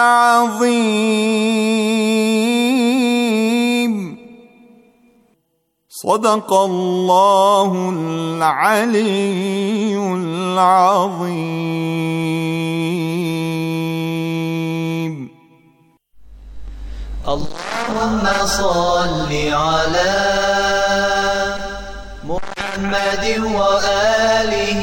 العظيم صدق الله العلي العظيم اللهم صل على محمد وآله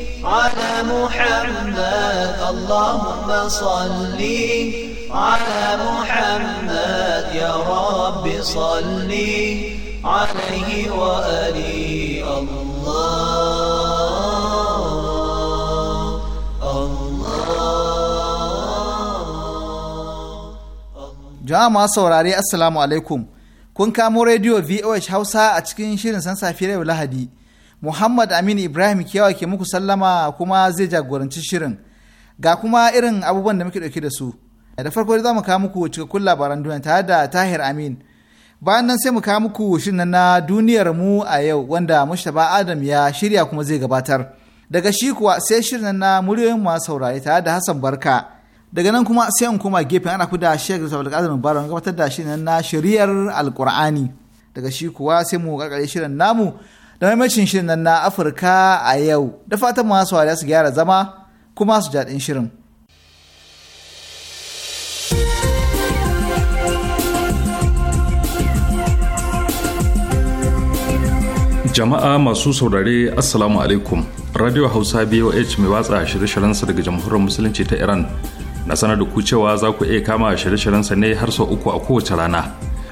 على محمد اللهم صل على محمد يا رب صل عليه وآله jama'a masu saurare assalamu alaikum kun kamo rediyo voh hausa a cikin shirin san safiyar yau lahadi Muhammad Amin Ibrahim kewa ke muku sallama kuma zai jagoranci shirin. Ga kuma irin abubuwan da muke ɗauke da su. Da farko za mu kawo muku cikakkun labaran duniya tare da Tahir Amin. Bayan nan sai mu kawo muku shirin na duniyar mu a yau wanda Mustapha Adam ya shirya kuma zai gabatar. Daga shi kuwa sai shirin na muryoyin masu saurayi tare da Hassan Barka. Daga nan kuma sai in koma gefen ana kuda Sheikh Rasul Qasim Baron gabatar da shirin na shari'ar Al-Qur'ani. Daga shi kuwa sai mu karkare shirin namu da maimacin shirin nan na Afirka a yau da fatan masu wariya su gyara zama kuma su jaɗin shirin. Jama'a masu saurare Assalamu alaikum Radio Hausa BOH mai watsa shirye-shiryensa daga Jamhuriyar Musulunci ta Iran na sanar da ku cewa za ku iya kama shirye-shiryensa ne har sau uku a kowace rana.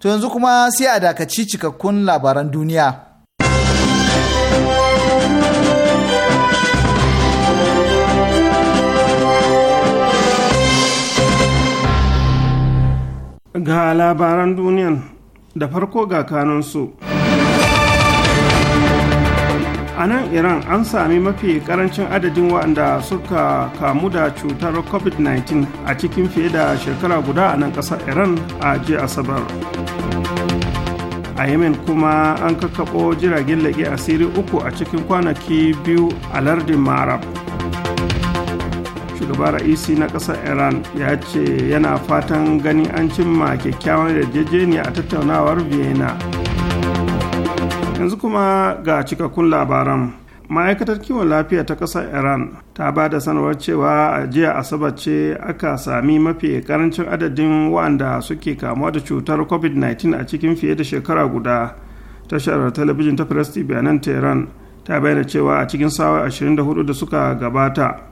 To yanzu kuma sai a dakaci cikakkun labaran duniya. Ga labaran duniyan da farko ga kanunsu. a nan iran an sami mafi karancin adadin waɗanda suka kamu da cutar covid-19 a cikin fiye da shekara guda a nan ƙasar iran a jiya asabar a yemen kuma an kakkaɓo jiragen laƙi asiri uku a cikin kwanaki biyu a lardin marab shugaba ra'isi na ƙasar iran ya ce yana fatan ganin an cimma kyakkyawan yarjejeniya a tattaunawar vienna yanzu kuma ga cikakkun labaran ma'aikatar kiwon lafiya ta ƙasar iran ta ba da sanarwar cewa a jiya asabar ce aka sami mafi karancin adadin waɗanda suke kamuwa da cutar covid-19 a cikin fiye da shekara guda tashar talabijin ta press tv a nan tehran ta bayyana cewa a cikin sawa 24 da suka gabata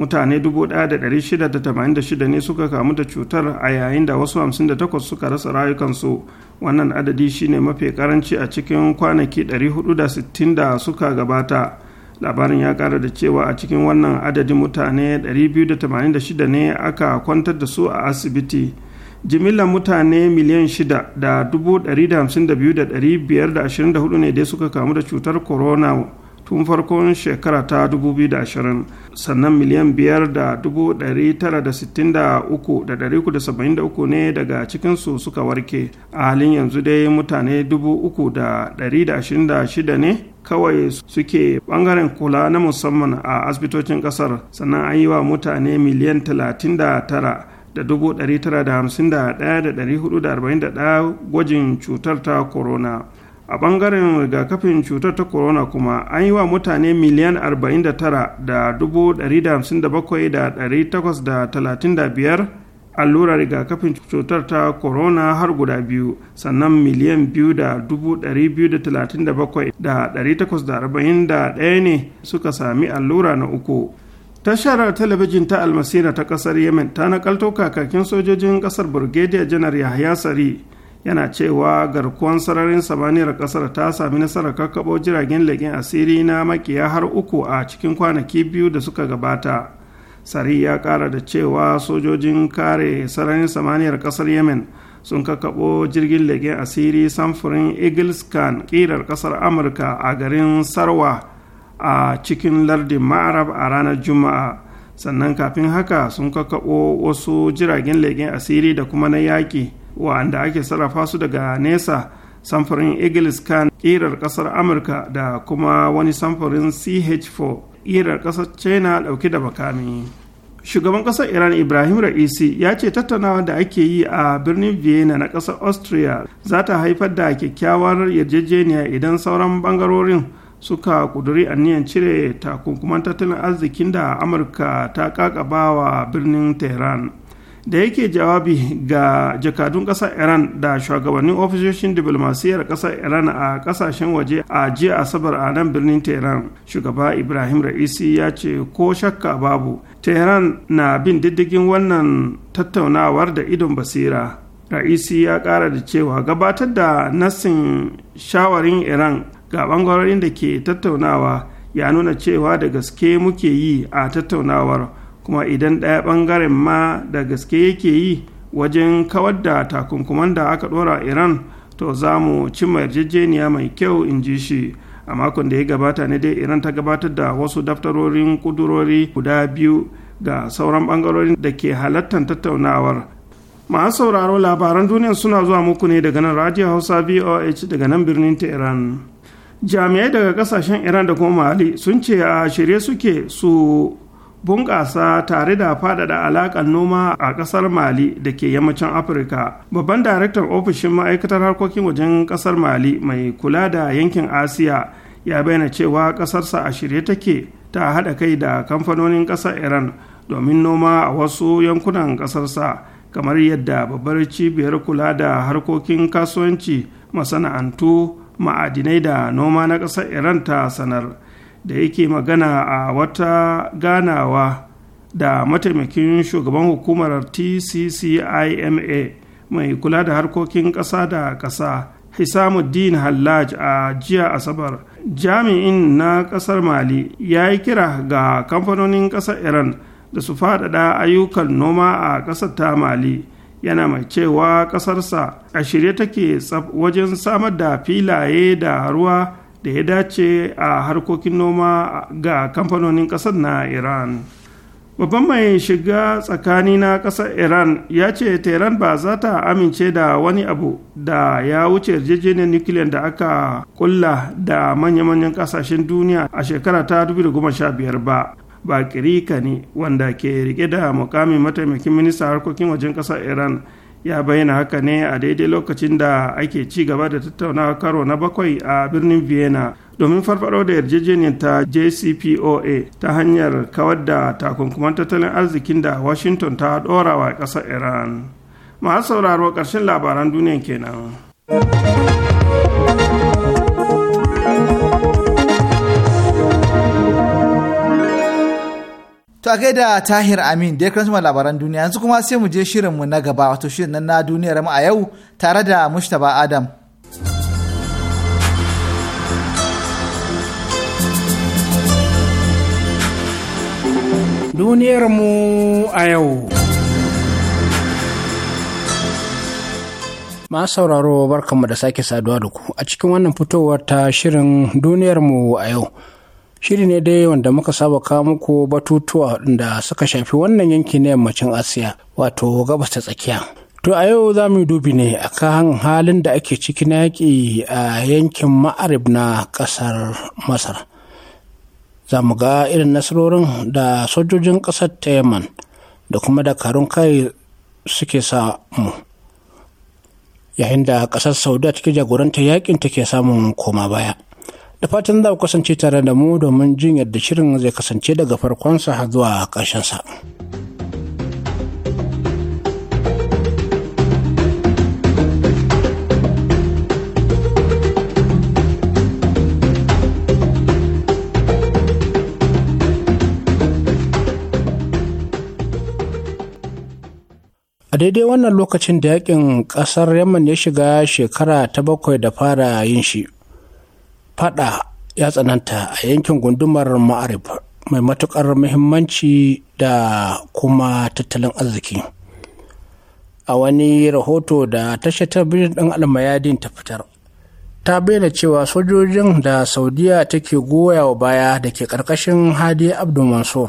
mutane 1,686 ne suka kamu da cutar a yayin da wasu 58 suka rasa rayukansu wannan adadi shine mafi karanci a cikin kwanaki 460 da suka gabata labarin ya kara da cewa a cikin wannan adadin mutane 286 ne aka kwantar da su a asibiti jimillar mutane miliyan 6 da 652,524 ne dai suka kamu da cutar corona tun farkon shekara ta 2020 sannan miliyan 5,963,373 ne daga cikinsu suka warke a halin yanzu dai mutane 3,126 ne kawai suke bangaren kula na musamman a asibitocin kasar sannan an yi wa mutane miliyan 39 da ɗaya gwajin cutar ta corona a ɓangaren rigakafin cutar ta corona kuma an yi wa mutane miliyan 49,157,835 allurar rigakafin cutar ta corona har guda biyu sannan miliyan 2,237,841 ne suka sami allura na uku tashar talabijin ta almasira ta kasar yemen ta nakalto kakakin sojojin kasar burgediya janar Yahya sari yana cewa garkuwan sararin samaniyar kasar ta sami nasarar kakkaɓo jiragen leƙen asiri na makiya har uku a cikin kwanaki biyu da suka gabata sari ya ƙara da cewa sojojin kare sararin samaniyar kasar yemen sun kakkaɓo jirgin leƙen asiri samfurin eagles ƙirar kasar amurka a garin sarwa a cikin lardin ma'arab a ranar juma'a sannan kafin haka sun kakkaɓo wasu jiragen leƙen asiri da kuma na yaƙi wanda ake sarrafa su daga nesa samfurin eagles kan ƙirar ƙasar amurka da kuma wani samfurin ch4 ƙirar ƙasar china ɗauke da makami shugaban ƙasar iran ibrahim ra'isi ya ce tattaunawa da ake yi a birnin vienna na ƙasar austria za ta haifar da kyakkyawar yarjejeniya idan sauran bangarorin suka kuduri aniyan cire takunkuman tattalin arzikin da amurka ta kakaba wa birnin tehran da yake jawabi ga jakadun ƙasar iran da shugabannin ofisoshin diplomasiyyar ƙasar iran a ƙasashen waje a jiya asabar a nan birnin tehran shugaba ibrahim ra'isi ya ce ko shakka babu tehran na bin diddigin wannan tattaunawar da idon basira ra'isi ya ƙara da cewa gabatar da nassin shawarin iran ga bangarorin da ke tattaunawa ya nuna cewa da gaske muke yi a tattaunawar kuma idan ɗaya ɓangaren ma da gaske yake yi wajen kawar da takunkuman da aka ɗora iran to za mu cimma yarjejeniya mai kyau in ji shi a makon da ya gabata ne dai iran ta gabatar da wasu daftarorin kudurori guda biyu ga sauran bangarorin da ke halattar tattaunawar masu sauraro labaran duniya suna zuwa muku ne daga nan radio hausa voh daga nan birnin iran. jami'ai daga kasashen iran da kuma mali sun ce a shirye suke su bunƙasa tare da faɗaɗa alaƙar noma a ƙasar mali da ke yammacin afirka babban daraktan ofishin ma'aikatar harkokin wajen ƙasar mali mai kula da yankin asiya ya bayyana cewa ƙasarsa a shirye take ta haɗa kai da kamfanonin ƙasar iran domin noma a wasu yankunan ƙasarsa kamar yadda babbar cibiyar kula da harkokin kasuwanci masana'antu ma'adinai da noma na ƙasar iran ta sanar da yake magana a wata ganawa da mataimakin shugaban hukumar tccima mai kula da harkokin ƙasa da ƙasa hisamuddin hallaj a jiya asabar jami'in na ƙasar mali ya yi kira ga kamfanonin ƙasar iran da su faɗaɗa ayyukan noma a ƙasar ta mali yana mai cewa ƙasarsa a shirye take wajen samar da filaye da ruwa da ya dace a harkokin noma ga kamfanonin ƙasar na iran babban mai shiga tsakani na ƙasar iran ya ce tehran ba za ta amince da wani abu da ya wuce yarjejeniyar nukiliyar da aka kulla da manya-manyan ƙasashen duniya a shekara ta 2015 ba ba bakiri ne wanda ke rike da mukamin mataimakin minista harkokin wajen ƙasar iran ya bayyana haka ne a daidai lokacin da ake ci gaba da tattaunawa karo na bakwai a birnin vienna domin farfaro da yarjejeniyar ta jcpoa ta hanyar kawar da takunkuman tattalin arzikin da washington ta ɗorawa ƙasar iran masu sauraro ƙarshen labaran duniya kenan. To a gaida Tahir Amin da ya karanta labaran duniya yanzu kuma sai mu je shirinmu na gaba wato shirin nan na duniyar mu a yau tare da Mustapha Adam. Duniyar mu a yau. ma sauraro barkanmu da sake saduwa da ku a cikin wannan fitowar ta shirin duniyar mu a yau. Shiri ne dai wanda muka saba kawo muku batutuwa da suka shafi wannan yanki na yammacin Asiya wato gabas ta tsakiya. To a yau za mu dubi ne a kan halin da ake ciki na yaƙi a yankin ma'arib na ƙasar Masar. Za mu ga irin nasarorin da sojojin ƙasar ta Yaman da kuma da dakarun kai suke samu. Yayin da ƙasar Saudiya take jagorantar yakin take samun koma baya. da fatan za ku kasance tare da mu domin jin yadda shirin zai kasance daga farkonsa har zuwa ƙarshensa. a daidai wannan lokacin da yakin kasar yaman ya shiga shekara ta bakwai da fara yin shi Faɗa ya tsananta a yankin gundumar Ma'arif mai matukar muhimmanci da kuma tattalin arziki a wani rahoto da tashar talabijin ɗin almayadin ta fitar ta bayyana cewa sojojin da saudiya take goya wa baya da ke ƙarƙashin hadi abdul mansur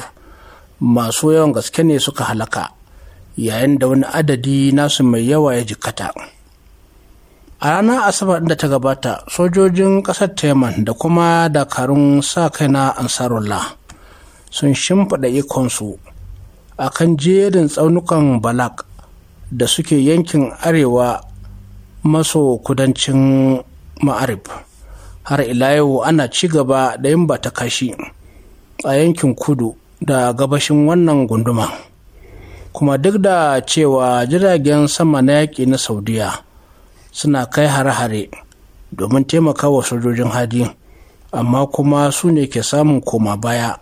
masu yawan gaske ne suka halaka yayin da wani adadi nasu mai yawa ya jikkata. a ranar asabar da ta gabata sojojin ƙasar taiman da kuma dakarun sa kai na ansarullah sun shimfiɗa ikonsu a kan jerin tsaunukan balak da suke yankin arewa maso kudancin ma'arib har ila yau ana ci gaba da yin ta kashi a yankin kudu da gabashin wannan gunduma kuma duk da cewa jiragen sama na yaƙi na saudiya suna kai hare-hare domin taimakawa sojojin hadi amma kuma su ne ke samun koma baya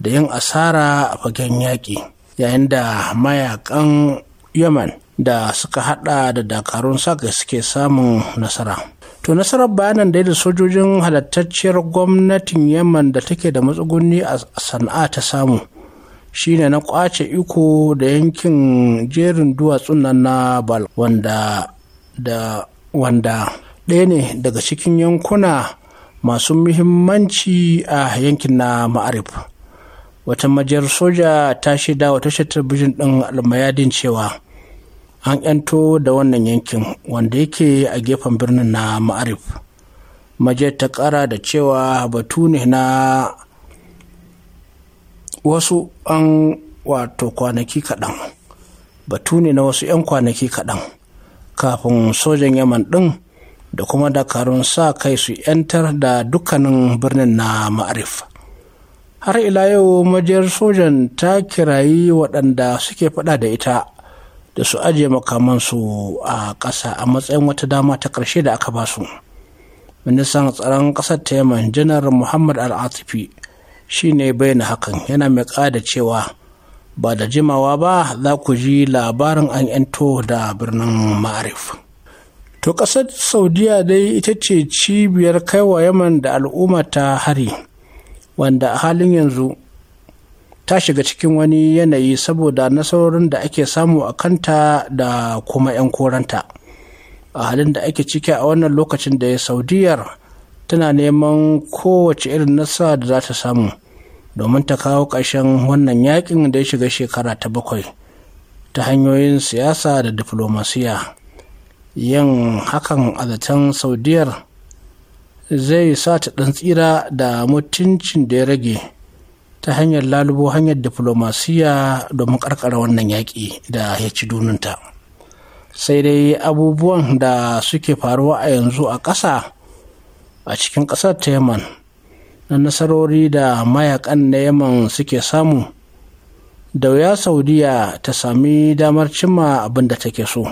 da yin asara a fagen yaƙi yayin da mayakan yaman da suka hada da dakarun saka suke samun nasara to nasarar bayanan da da sojojin halattacciyar gwamnatin yaman da take da matsuguni a sana'a ta samu shine na kwace iko da yankin jerin duwatsun nan na bal wanda da wanda ɗaya ne daga cikin yankuna masu muhimmanci a yankin na ma'arif wata majiyar soja ta shaida wa tashar ɗin almayadin cewa an ƴanto da wannan yankin wanda yake a gefen birnin na ma'arif majiyar ta ƙara da cewa batu ne na wasu an wato kwanaki kaɗan batu ne na wasu 'yan kwanaki kaɗan kafin sojan yaman ɗin da kuma dakarun sa kai su 'yantar da dukkanin birnin na ma'arif har ila yau majiyar sojan ta kirayi waɗanda suke faɗa da ita da su ajiye makamansu a ƙasa a matsayin wata dama ta ƙarshe da aka basu ministan tsaron ƙasar ta yaman janar muhammad al-atifi shi ne bayyana hakan yana mai ƙada cewa ba da jimawa ba za ku ji labarin an 'yanto da birnin ma'arif to ƙasar saudiya dai ita ce cibiyar kaiwa yaman da al'umma ta hari wanda a halin yanzu ta shiga cikin wani yanayi saboda nasarorin da ake samu a kanta da kuma 'yan koranta a halin da ake ciki a wannan lokacin da ya saudiyar tana neman kowace irin nasara da za ta samu domin ta kawo ƙarshen wannan yakin da ya shiga shekara ta bakwai ta hanyoyin siyasa da diflomasiya yin hakan a zaton saudiyar zai sa ta ɗan tsira da mutuncin da ya rage ta hanyar lalubo hanyar diflomasiya domin ƙarƙara wannan yaƙi da ya ci duninta sai dai abubuwan da suke faruwa a yanzu a ƙasa a cikin ƙasar ta yaman na nasarori da mayakan na yaman suke samu da wuya saudiya ta sami damar cimma abin da take so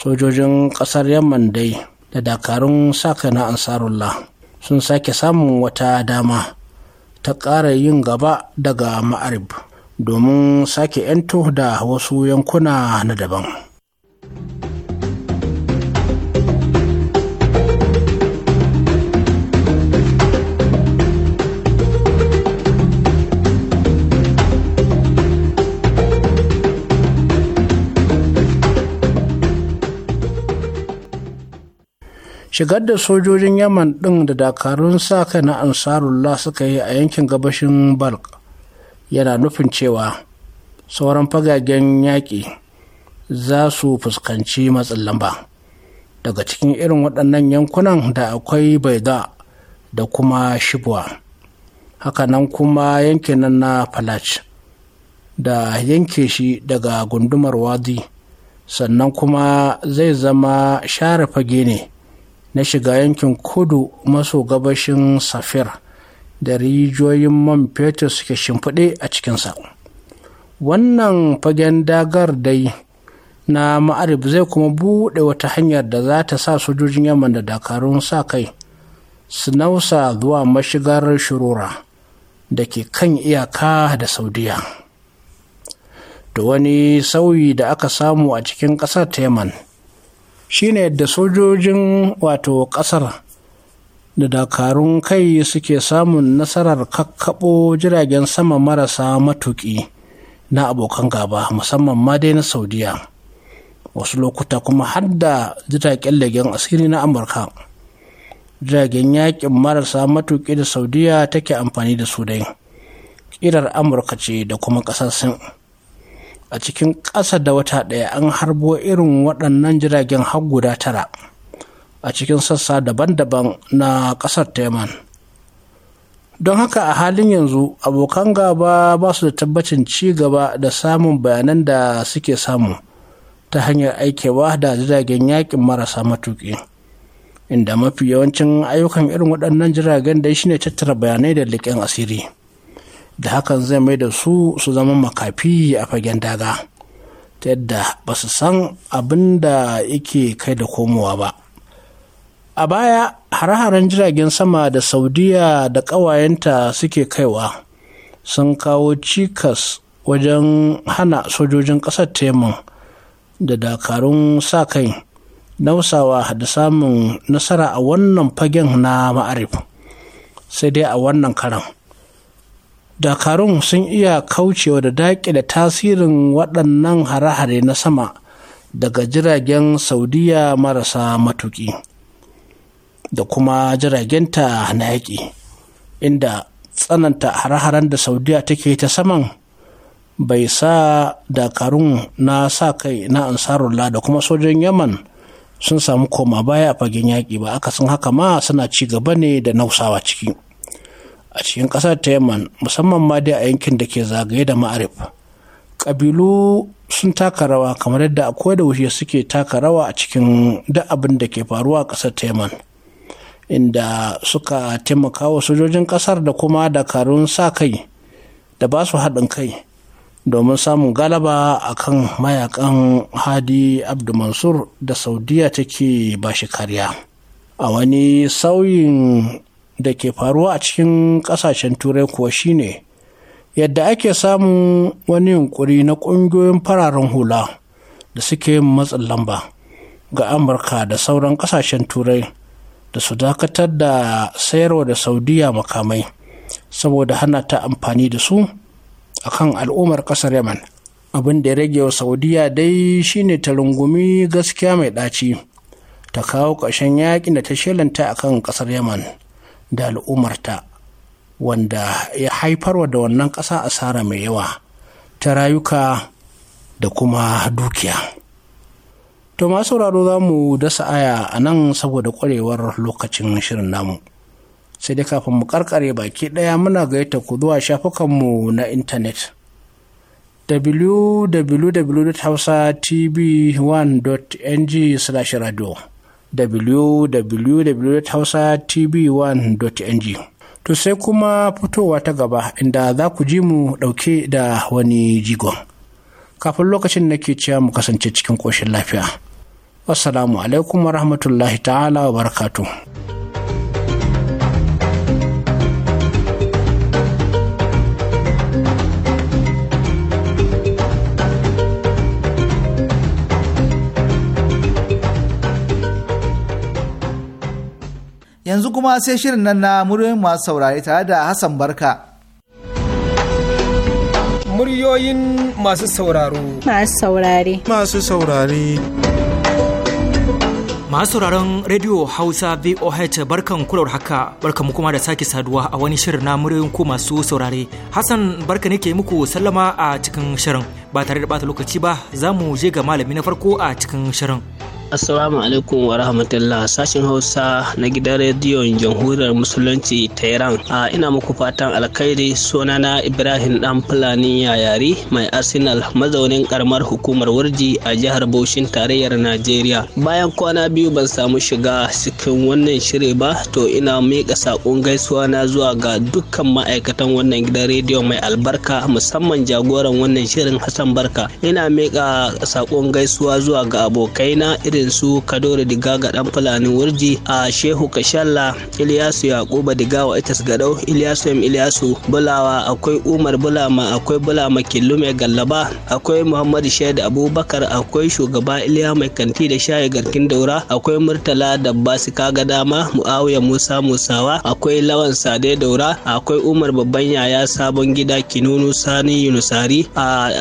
sojojin kasar yaman dai da dakarun saka na ansarullah sun sake samun wata dama ta ƙara yin gaba daga ma'arib domin sake 'yanto da wasu yankuna na daban. shigar da sojojin yaman ɗin da dakarun sa kai na ansarullah suka yi a yankin gabashin balk yana nufin cewa sauran fagagen yaƙi za su fuskanci matsin lamba daga cikin irin waɗannan yankunan da akwai baida da kuma shibwa hakanan kuma yankin na falach da yanke shi daga gundumar wadi sannan kuma zai zama share fage ne na shiga yankin kudu maso gabashin safir da rijiyoyin man fetur suke shimfiɗe a cikinsa wannan fagen dagar dai na ma'arib zai kuma buɗe wata hanyar da za ta sa sojojin yaman da dakarun sa kai su nausa zuwa mashigar shurura da ke kan iyaka da saudiya da wani sauyi da aka samu a cikin ƙasar ta yaman shine yadda sojojin wato ƙasar da dakarun kai suke samun nasarar kakkaɓo jiragen sama marasa matuki na abokan gaba musamman ma dai na saudiya wasu lokuta kuma hadda jiragen lagen asiri na amurka jiragen yakin marasa matuƙi da saudiya take amfani da su dai ƙirar amurka ce da kuma ƙasar sin a cikin ƙasa da wata ɗaya an harbo irin waɗannan jiragen har guda tara a cikin sassa daban-daban na ƙasar taiman don haka a halin yanzu abokan gaba ba su da tabbacin ci gaba da samun bayanan da suke samu ta hanyar aikewa da jiragen yakin marasa matuƙi inda mafi yawancin ayyukan irin waɗannan jiragen da shine tattara bayanai da liƙen asiri. da hakan zai mai da su su zama makafi a fagen daga ta yadda ba su san abin da yake kai da komowa ba a baya hare-haren jiragen sama da saudiya da ƙawayenta suke kaiwa sun kawo cikas wajen hana sojojin ƙasar temun da dakarun sa kai nausawa da samun nasara a wannan fagen na ma'arif sai dai a wannan karan dakarun sun iya kaucewa da daƙile tasirin waɗannan hare-hare na sama daga jiragen saudiya marasa matuki da kuma jiragenta na yaƙi inda tsananta hare-haren da saudiya take ta saman bai sa dakarun na sa kai na ansarullah da kuma sojin yaman sun samu koma baya a fagen yaƙi ba akasin haka ma suna ci gaba ne da nausawa ciki. a cikin ƙasar ta musamman ma dai a yankin da ke zagaye da ma'arif ƙabilu sun taka rawa kamar yadda akwai da wuce suke taka rawa a cikin duk abin da ke faruwa a ƙasar ta inda suka taimaka wa sojojin ƙasar da kuma dakarun sa kai da ba su haɗin kai domin samun galaba a kan mayakan hadi abdulmansur da saudiya take ba shi kariya a wani sauyin da ke faruwa a cikin ƙasashen turai kuwa shine yadda ake samun wani yunkuri na ƙungiyoyin fararen hula da suke matsin lamba ga amurka da sauran ƙasashen turai da su dakatar da sayarwa da saudiya makamai saboda hana ta amfani da su akan al'ummar ƙasar yaman abin da ya rage wa saudiya dai shine ta rungumi gaskiya mai ɗaci ta kawo ƙarshen yaƙin da ta shelanta a kan ƙasar yaman da al'ummarta wanda ya haifarwa da wannan ƙasa asara mai yawa ta rayuka da kuma dukiya. To masu sauraro za mu dasa aya a nan saboda ƙwarewar lokacin shirin namu. Sai dai kafin mu karkare baki ɗaya muna gayyata ku zuwa shafukanmu na intanet. www.hausatv1.ng/radio www.hausatv1.ng to sai kuma fitowa ta gaba inda za ku ji mu ɗauke da wani jigon kafin lokacin nake cewa mu kasance cikin ƙoshin lafiya wassalamu alaikum wa rahmatullahi ta'ala wa barakatuh yanzu kuma sai shirin nan na muryoyin masu saurare tare da Hassan Barka. Muryoyin masu sauraro. Masu saurare. Masu saurare. Masu sauraron Radio Hausa VOH barkan kular haka barkan kuma da sake saduwa a wani shirin na muryoyin ku masu saurare. Hassan barka ne ke muku sallama a cikin shirin ba tare da bata lokaci ba za mu je ga malami na farko a cikin shirin. Assalamu alaikum wa rahmatullah sashen Hausa na gidan rediyon Jamhuriyar Musulunci Tehran. A ina muku fatan alkhairi sunana Ibrahim Dan Fulani Yayari mai Arsenal mazaunin karamar hukumar Warji a jihar Bauchin tarayyar Najeriya. Bayan kwana biyu ban samu shiga cikin wannan shiri ba to ina miƙa saƙon gaisuwa na zuwa ga dukkan ma'aikatan wannan gidan rediyo mai albarka musamman jagoran wannan shirin Hassan Barka. Ina miƙa saƙon gaisuwa zuwa ga abokaina irin irin su kadore digaga dan fulani wurji a shehu kashalla iliyasu yakuba digawa itas gadau ilyasu yam ilyasu. bulawa akwai umar bulama akwai bulama killume gallaba akwai muhammadu shaida abubakar akwai shugaba iliya mai kanti da shayi garkin daura akwai murtala da basu ga dama muawiya musa musawa akwai lawan sade daura akwai umar babban yaya sabon gida kinunu sani yunusari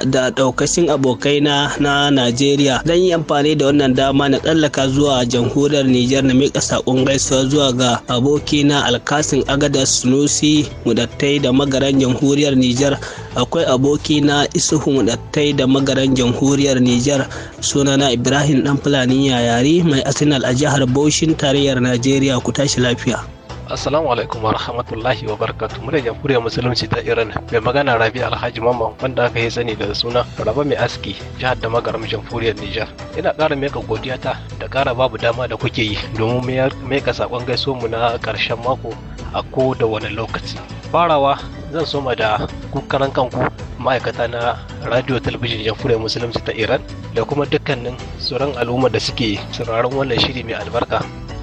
da daukashin abokai na na najeriya zan yi amfani da wannan dama amma na tsallaka zuwa jamhuriyar Nijar na miƙa saƙon gaisuwa zuwa ga abokina Alkasin Agada Sunusi Mudattai da magaran jamhuriyar Nijar akwai abokina Isuhu Mudattai da magaran jamhuriyar Nijar sunana Ibrahim Dan Fulani Yayari mai Arsenal a jihar Baushin tarayyar Najeriya ku tashi lafiya. Assalamu alaikum wa rahmatullahi wa barakatuh. Murya jamhuriyar musulunci ta Iran mai magana Rabi Alhaji Mamman wanda aka yi sani da suna Raba mai aski jihar da magaram jamhuriyar Nijar. Ina ƙara meka godiya ta da ƙara babu dama da kuke yi domin ka sakon gaiso mu na ƙarshen mako a ko da wani lokaci. Farawa zan soma da kukaran kanku ma'aikata na radio talabijin jamhuriyar musulunci ta Iran da kuma dukkanin tsoron al'umma da suke sauraron wannan shiri mai albarka.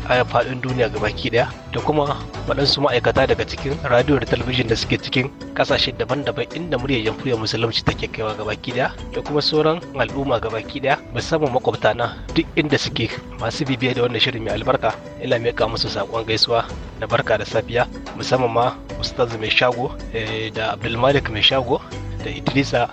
a faɗin duniya baki ɗaya da kuma waɗansu ma'aikata daga cikin radiyo da talabijin da suke cikin ƙasashe daban-daban inda muryar jamhuriyar musulunci take kaiwa baki daya da kuma sauran al'umma gabaki daya musamman makwabta na duk inda suke masu bibiya da wannan shirin mai albarka ina ka musu saƙon gaisuwa da barka da safiya musamman ma ustaz mai shago eh, da abdulmalik mai shago da idrisa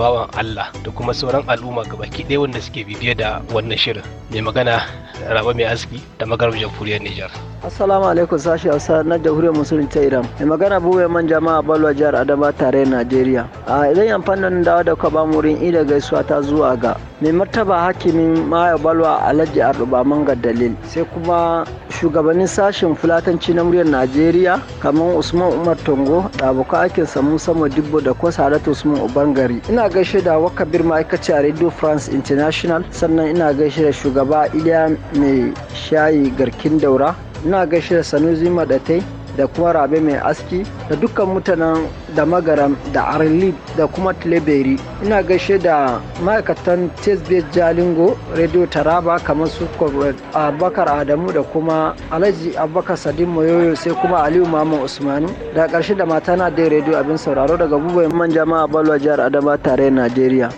bawan Allah da kuma sauran al'umma gabaki ɗaya wanda suke bibiye da wannan shirin mai magana raba mai aski da magarar jamhuriyar Nijar. Assalamu alaikum sashi Hausa na Jamhuriyar Musulun ta Iran. Mai magana buwe man jama'a Balwa jihar Adama tare Najeriya. A idan yan fannin dawo da kwaba murin ida gaisuwa ta zuwa ga mai martaba hakimin Maya Balwa Alhaji Arba Manga Dalil sai kuma shugabannin sashen fulatanci na muryar Najeriya kamar Usman Umar Tongo da abokan aikin sa Musa dibbo da kuma Saratu Usman Ubangari. Ina gaishe da Wakabir ma'aikaci a Radio France International sannan ina gaishe da shugaba Iliya mai shayi garkin daura ina gaishe da sanusi madatai da kuma rabe mai aski da dukkan mutanen da magaram da arlid da kuma tileberi ina gaishe da ma'aikatan tesbiyar jalingo radio taraba kamar su abakar adamu da kuma alhaji abubakar sadin moyoyo sai kuma aliyu mamu usmanu da karshe da na dai radio abin sauraro daga bubai man jama'a balwa jihar adama tare najeriya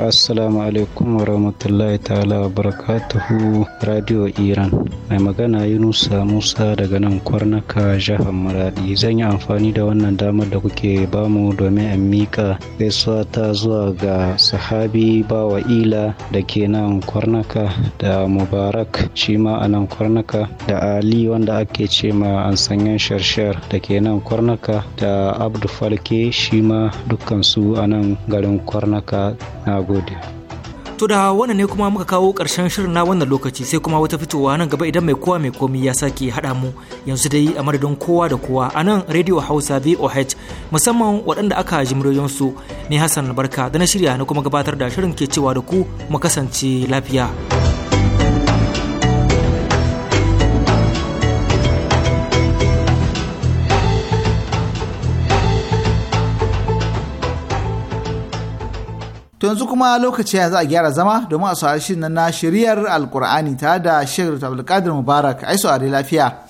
Assalamu alaikum wa rahmatullahi ta'ala wa barakatuhu Radio Iran. Mai magana Yunusa Musa daga nan kwarnaka jihar Maradi. Zan yi amfani da wannan damar da kuke bamu domin in mika gaisuwa ta zuwa ga sahabi bawa ila da ke nan kwarnaka da Mubarak shi ma a nan kwarnaka da Ali wanda ake ce ma an sanyan sharshar da ke nan kwarnaka da Abdu Falke shi ma dukkan su a nan garin kwarnaka na gode. To da wannan ne kuma muka kawo ƙarshen shirin na wannan lokaci sai kuma wata fitowa nan gaba idan mai kowa mai komi ya sake haɗa mu yanzu dai a madadin kowa da kowa a nan Radio Hausa VOH musamman waɗanda aka ji su ne Hassan Barka da na shirya na kuma gabatar da shirin ke cewa da ku mu kasance lafiya. To yanzu kuma lokaci ya za a gyara zama domin a saurari na shiryar Alkur'ani tare da Sheikh Abdulkadir Mubarak. Ai saurari lafiya.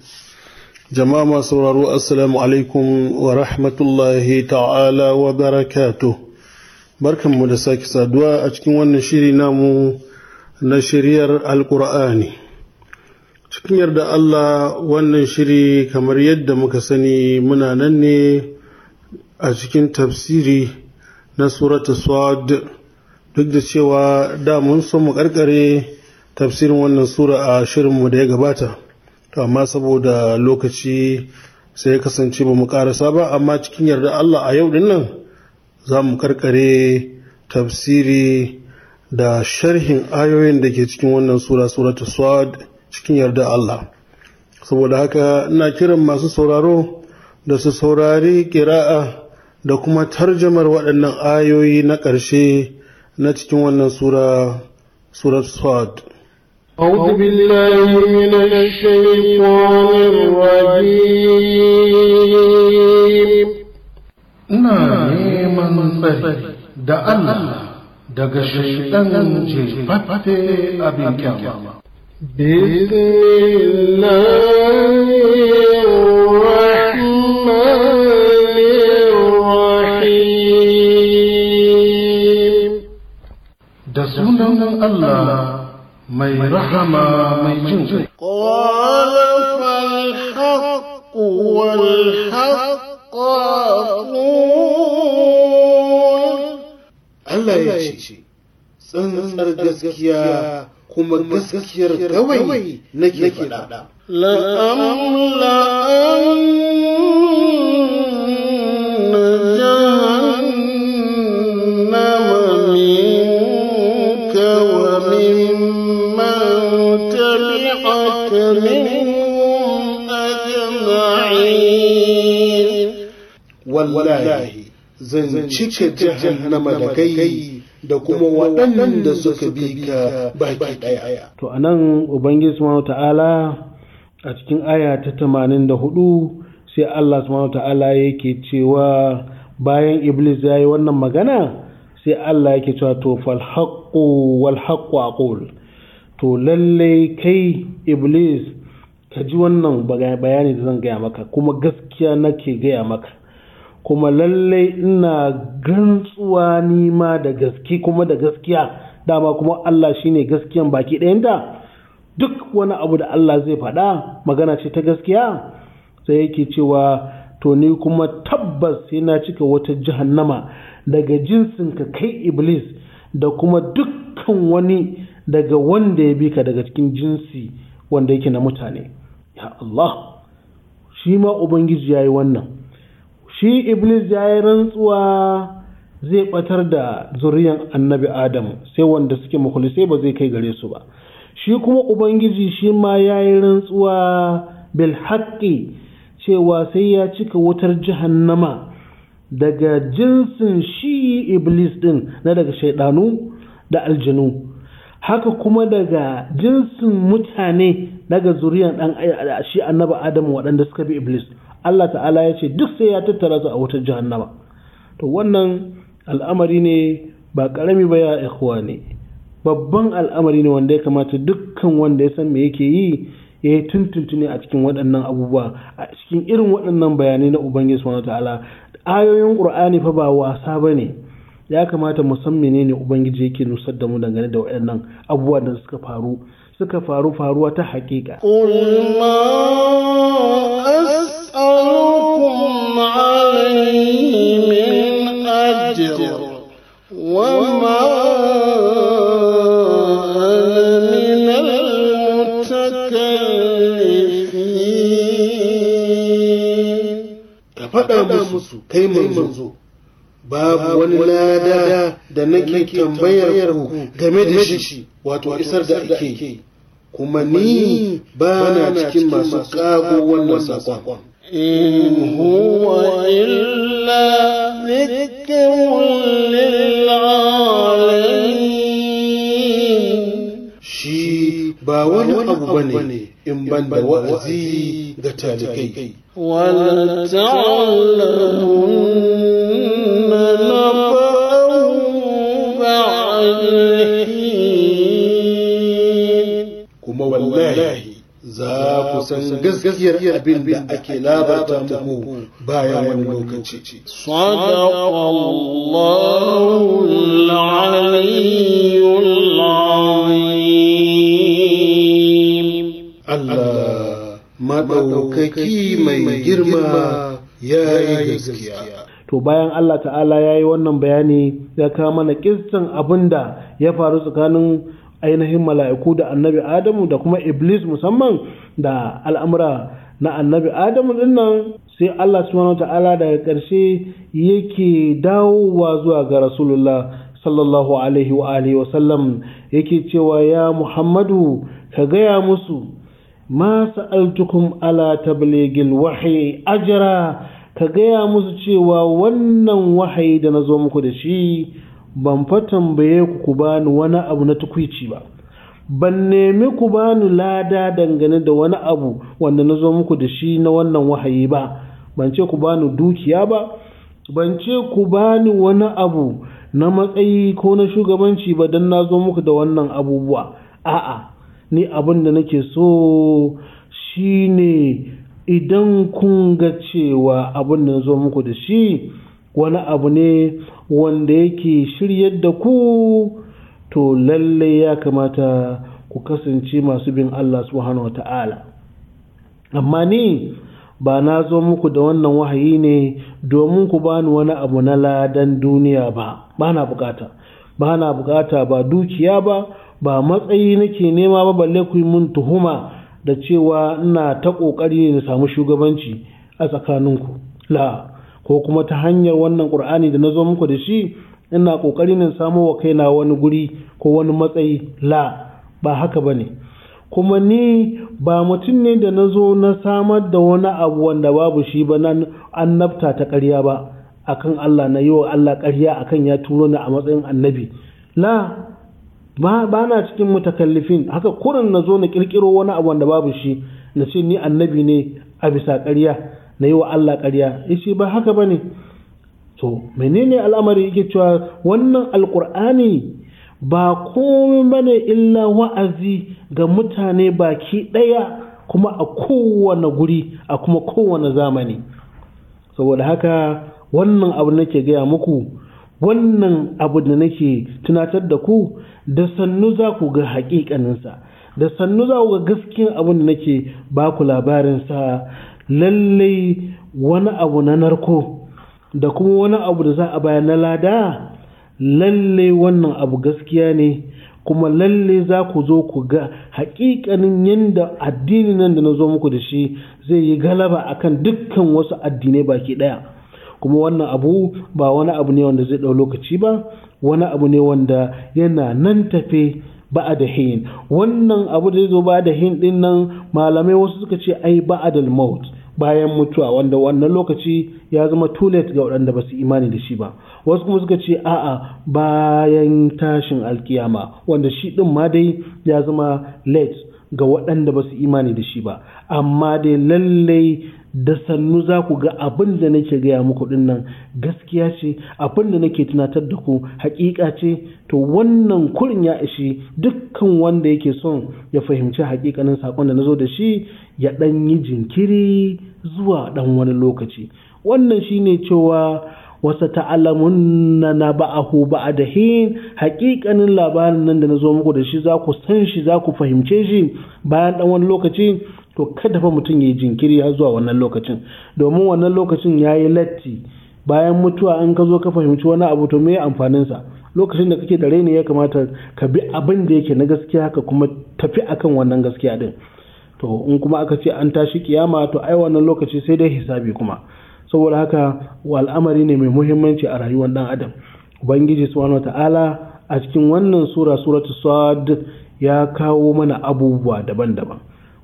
jama'a masu sauraro assalamu alaikum wa rahmatullahi ta'ala wa barakatu barkanmu da sake saduwa a cikin wannan shiri namu na shiryar alkur'ani cikin yarda Allah wannan shiri kamar yadda muka sani muna nan ne a cikin tafsiri na surata swad duk da cewa da mun so mu karkare tafsirin wannan sura a shirinmu da ya gabata to amma saboda lokaci sai kasance ba mu karasa ba amma cikin yarda Allah a yau din nan za mu karkare tafsiri da sharhin ayoyin da ke cikin wannan sura ta swad cikin yarda Allah saboda haka ina kiran masu sauraro da su saurari kira'a da kuma tarjamar waɗannan ayoyi na ƙarshe na cikin wannan sura sura swad أعوذ بالله من الشيطان الرجيم نعيما بك دعا دقى شيطان جفت أبي بسم الله الرحمن الرحيم دسونا الله من رحم ميتون قال فالحق والحق أقول ألا يا شيخي سنسر جسكيا كما جسكيا رتوي نكي فلا لا لأم wallahi zan cike jahannama da kai da kuma waɗanda suka bi ka baki ɗaya. To a nan Ubangiji Subhanahu ta'ala a cikin aya ta tamanin da hudu sai Allah Subhanahu ta'ala yake cewa bayan Iblis ya yi wannan magana sai Allah yake cewa to fal wal haqqu to lallai kai Iblis ka ji wannan bayani da zan gaya maka kuma gaskiya nake gaya maka kuma lallai ina gantsuwa nima da gaske kuma da gaskiya dama kuma Allah shine gaskiyan baki ɗayanta duk wani abu da Allah zai faɗa magana ce ta gaskiya sai yake cewa to ni kuma tabbas yana cika wata jahannama daga jinsin ka kai iblis da kuma dukkan wani daga wanda ya bi ka daga cikin jinsi wanda yake na mutane ya Allah shi ma ubangiji ya yi wannan shi iblis ya yi rantsuwa zai ɓatar da zuriyan annabi adam sai wanda suke makulisai ba zai kai gare su ba shi kuma ubangiji shi ma ya yi rantsuwa bil cewa sai ya cika wutar jahannama daga jinsin shi iblis din na daga shaidanu da aljanu haka kuma daga jinsin mutane daga zuriyan shi annabi adam waɗanda suka bi iblis Allah ta'ala ya ce duk sai ya tattara su a wutar jahannama to wannan al'amari ne ba karami ba ya ikhwa ne babban al'amari ne wanda ya kamata dukkan wanda ya san me yake yi ya yi tuntuntuni a cikin waɗannan abubuwa a cikin irin waɗannan bayanai na ubangiji subhanahu ta'ala ayoyin qur'ani fa ba wasa bane ya kamata mu san menene ubangiji yake nusar da mu dangane da waɗannan abubuwa da suka faru suka faru faruwa ta haƙiƙa أسألكم عليه من أجر وما أنا من المتكلفين babu wani lada da nake tambayar ku game da shi wato isar da ake kuma ni ba na cikin masu ƙago wannan saƙon إن هو إلا ذكر للعالمين شي باون أبو بني إن بند وأزي قتالكي ولتعلمن نبأه بعد الحين كما والله za ku san gaskiyar abin da ake labarta muku bayan wani lokaci. Allah maɗaukaki mai girma ya yi gaskiya. to bayan Allah ta'ala ya yi wannan bayani ya kama mana kistin abin da ya faru tsakanin ainihin mala'iku da annabi adamu da kuma iblis musamman da al'amura na annabi adamu dinnan sai allah subhanahu ta'ala daga ƙarshe yake dawowa zuwa ga rasulullah sallallahu alaihi wa alihi wa sallam yake cewa ya muhammadu ka gaya musu ma sa'altukum ala tabligil wahyi ajra ka gaya musu cewa wannan wahayi da na zo muku da shi ban fa tambaye ku ku bani wani abu na tukwici ba ban nemi ku bani lada dangane da wani abu wanda na zo muku da shi na wannan wahayi ba ban ce ku bani dukiya ba ban ce ku bani wani abu na matsayi ko na shugabanci ba don na zo muku da wannan abubuwa a'a ni abin da nake so shine idan kun ga cewa abin da na zo muku da shi wani abu ne wanda yake shiryar da ku to lalle ya kamata ku kasance masu bin Allah subhanahu wata'ala amma ni ba na zo muku da wannan wahayi ne domin ku bani wani abu na ladan duniya ba ba na bukata ba na bukata ba dukiya ba ba matsayi nake nema ba balle ku yi mun tuhuma da cewa ina ta ƙoƙari na samu shugabanci a tsakaninku la ko kuma ta hanyar wannan ƙur'ani da na zo muku da shi ina ƙoƙari na samo wa kaina wani guri ko wani matsayi la ba haka ba ne kuma ni ba mutum ne da na zo na samar da wani abu wanda babu shi ba nan annabta ta ƙarya ba akan Allah na yi wa Allah ƙarya akan ya turo ni a matsayin annabi la ba na cikin mutakallifin haka kurin na zo na ƙirƙiro wani abu wanda babu shi na ce ni annabi ne a bisa ƙarya na yi wa Allah ƙarya yace ba haka ba ne? to menene al'amari yake cewa wannan alƙur'ani ba komai ne illa wa'azi ga mutane baki ɗaya kuma a kowane guri a kuma kowane zamani saboda haka wannan abu nake gaya muku wannan abu da nake tunatar da ku da sannu za ku ga haƙiƙaninsa da sannu za ku ga gaskiyan abin da nake ba ku labarinsa lallai wani abu na narko da kuma wani abu da za a bayar na lada lallai wannan abu gaskiya ne kuma lallai za ku zo ku ga hakikanin yadda addini nan da na zo muku da shi zai yi galaba akan dukkan wasu addinai baki ɗaya, kuma wannan abu ba wani abu ne wanda zai ɗau lokaci ba wani abu ne wanda yana nan tafe ba'a da wannan abu da zai zo ba da hin din nan malamai wasu suka ce ai ba'a da bayan mutuwa wanda wannan lokaci ya zama too late ga waɗanda ba su imani da shi ba wasu kuma suka ce a'a bayan tashin alkiyama wanda shi ɗin ma dai ya zama late ga waɗanda ba su imani da shi ba amma dai lallai da sannu za ku ga abin da nake gaya muku din gaskiya ce abin da nake tunatar da ku hakika ce to wannan kurin ya ishi dukkan wanda yake son ya fahimci hakikanin sakon da nazo da shi ya dan yi jinkiri zuwa dan wani lokaci wannan shine cewa wasa ta'alamunna na ba'ahu da hin hakikanin labarin nan da na zo muku da shi za ku san shi za ku fahimce shi bayan dan wani lokaci to kada fa mutum ya yi jinkiri har zuwa wannan lokacin domin wannan lokacin ya yi latti bayan mutuwa in ka zo ka fahimci wani abu to me amfaninsa lokacin da kake da raini ya kamata ka bi abin da yake na gaskiya ka kuma tafi akan wannan gaskiya din to in kuma aka ce an tashi kiyama to ai wannan lokaci sai dai hisabi kuma saboda haka al'amari ne mai muhimmanci a rayuwar dan adam ubangiji subhanahu ta'ala a cikin wannan sura suratul sad ya kawo mana abubuwa daban-daban